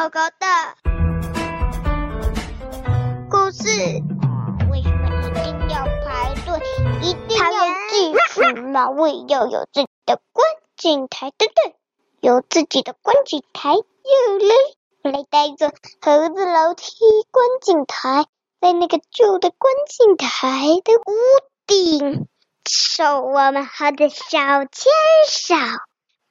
高高的故事。為什麼一定要排隊？一定要記住，我也要有自己的觀景台，對不對？有自己的觀景台。有嘞，我來帶一個猴子樓梯觀景台，在那個舊的觀景台的屋頂，手我們好的手牽手，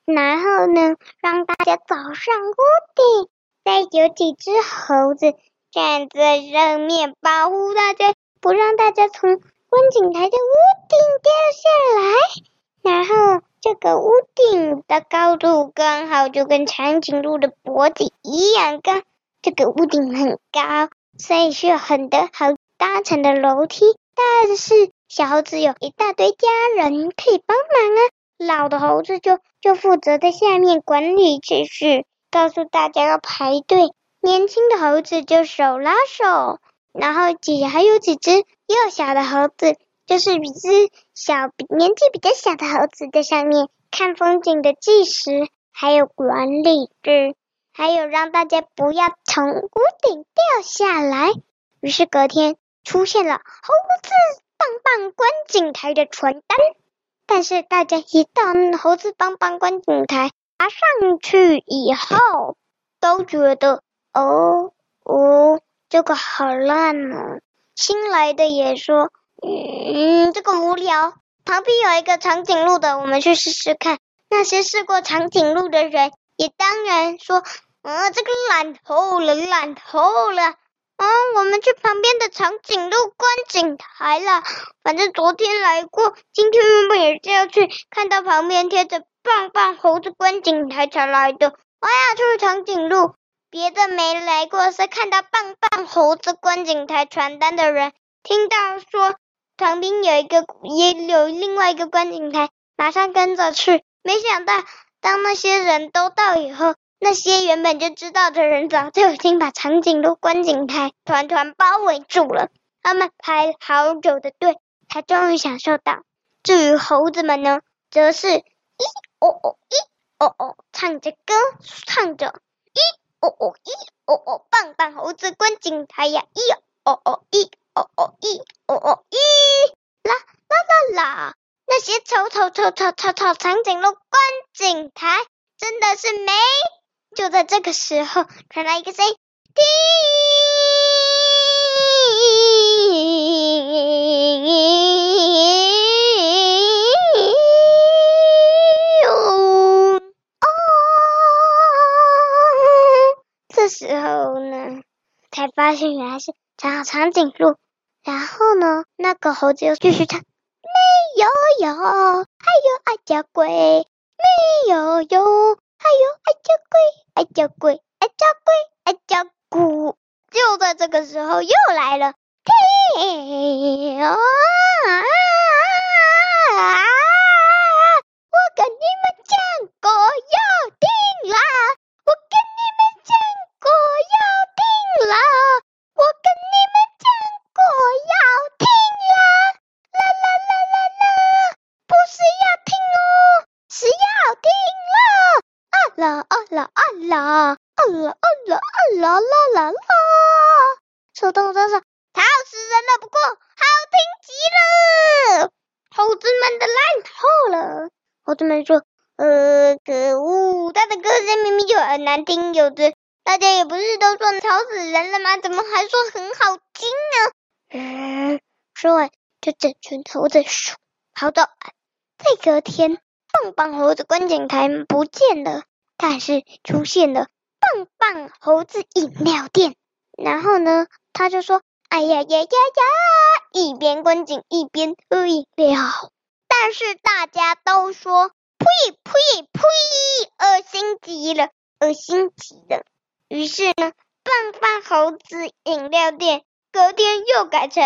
然後呢，讓大家走上屋頂。再有幾隻猴子站在上面保護大家，不讓大家從觀景台的屋頂掉下來。然後這個屋頂的高度剛好就跟長頸鹿的脖子一樣高，這個屋頂很高，所以需要很多猴搭成的樓梯。但是小猴子有一大堆家人可以幫忙啊，老的猴子就就負責在下面管理秩序。告訴大家要排隊，年輕的猴子就手拉手，然後幾還有幾隻幼小的猴子，就是一隻小比年紀比較小的猴子在上面看風景的計時，還有管理日，還有讓大家不要從屋頂掉下來。於是隔天出現了猴子棒棒觀景台的傳單，但是大家一到那猴子棒棒觀景台。爬上去以後，都覺得，哦，哦，這個好爛呢、啊，新來的也說嗯，嗯，這個無聊。旁邊有一個長頸鹿的，我們去試試看。那些試過長頸鹿的人也當然說，啊，這個爛透了，爛透了。嗯、啊，我們去旁邊的長頸鹿觀景台了。反正昨天來過，今天不也就要去。看到旁邊貼着。棒棒猴子觀景台才來的，我要去長頸鹿，別的沒來過，是看到棒棒猴子觀景台傳單的人，聽到說旁邊有一個也有另外一個觀景台，馬上跟着去。沒想到當那些人都到以後，那些原本就知道的人早就已經把長頸鹿觀景台團團包圍住了，他們排好久的隊，才終於享受到。至於猴子們呢，則是。哦哦一哦哦，唱着歌唱着，一哦哦一哦哦，棒棒猴子觀景台呀，一哦哦一哦哦一哦哦一，啦啦啦啦，那些丑丑丑丑丑丑長頸鹿觀景台真的是美。就在這個時候，傳來一個聲音，才發現原來是長長頸鹿，然後呢，那個猴子又繼續唱，沒有有哎喲阿家鬼，沒有有哎喲阿家鬼，阿、哎、家鬼，阿、哎、家鬼，阿家姑。哎、鬼，就在這個時候，又來了，聽、哦、啊啊，啊我跟你們講過要聽了，我跟你們講。啊啦啊啦啊啦啊啦啦啦啦啦！手動真上，吵死人了，不過好聽極了。猴子們都爛透了。猴子們說：“呃，可惡，他的歌聲明明就很難聽，有的大家也不是都說吵死人了嗎？怎麼還說很好聽呢？”嗯，說完就整群猴子說跑走。好的，這個天，棒棒猴子觀景台不見了。但是出現了棒棒猴子飲料店，然後呢，他就說：“哎呀呀呀呀！”一邊觀景一邊喝飲料，但是大家都說：“呸呸呸！”噁心極了，噁心極了。於是呢，棒棒猴子飲料店隔天又改成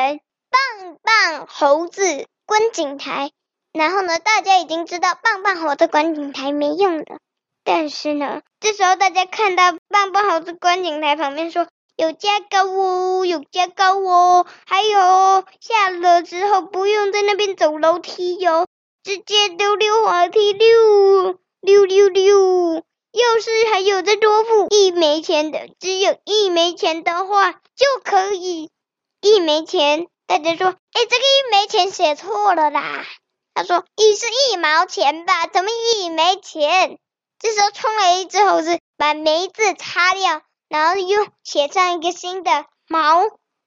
棒棒猴子觀景台，然後呢，大家已經知道棒棒猴子觀景台沒用了。但是呢，這時候大家看到辦不好的觀景台旁邊說，有加高哦，有加高哦，還有下了之後不用在那邊走樓梯喲、哦，直接溜溜滑梯溜溜溜溜，要是還有再多付一枚錢的，只有一枚錢的話就可以一枚錢。大家說，哎，這個一枚錢寫錯了啦。他說一是一毛錢吧，怎麼一枚錢？這時候衝來一只猴子，把梅子擦掉，然後又寫上一個新的毛，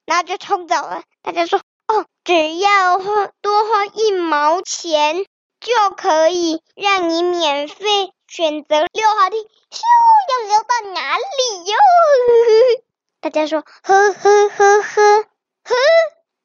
然後就衝走了。大家說哦，只要花多花一毛錢，就可以讓你免費選擇六號梯，咻，要溜到哪裡喲？大家說喝喝喝喝喝，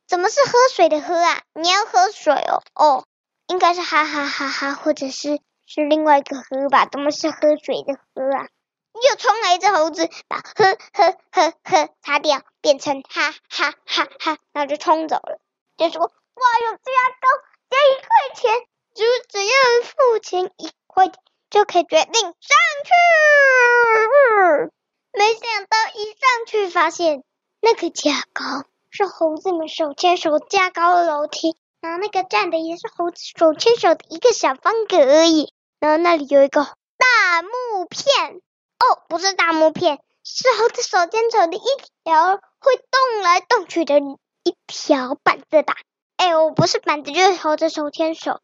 怎麼是喝水的喝啊？你要喝水哦哦，應該是哈哈哈哈，或者是。是另外一個“喝”吧？怎麼是喝水的“喝”啊？又衝來一隻猴子，把“呵呵呵呵”擦掉，變成“哈哈哈哈”，然後就衝走了。再說，哇，有加高加一塊錢，只只要付錢一塊錢就可以決定上去。沒想到一上去發現，那個加高是猴子們手牽手加高的樓梯，然後那個站的也是猴子手牽手的一個小方格而已。然後那裡有一個大木片，哦，不是大木片，是猴子手牽手的一條會動來動去的一條板子吧？哎，我不是板子，就是猴子手牽手，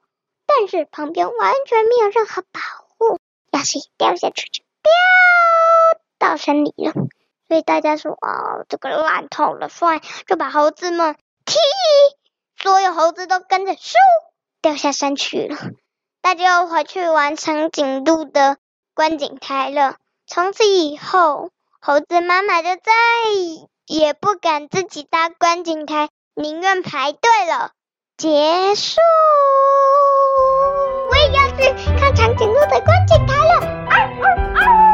但是旁邊完全沒有任何保護，要是掉下去就掉到山裡了。所以大家說，哦，這個爛透了，算了，就把猴子們踢，所有猴子都跟着咻，掉下山去了。那就回去玩長頸鹿的觀景台了。從此以後，猴子媽媽就再也不敢自己搭觀景台，寧願排隊了。結束。我也要去看長頸鹿的觀景台了。啊啊啊。啊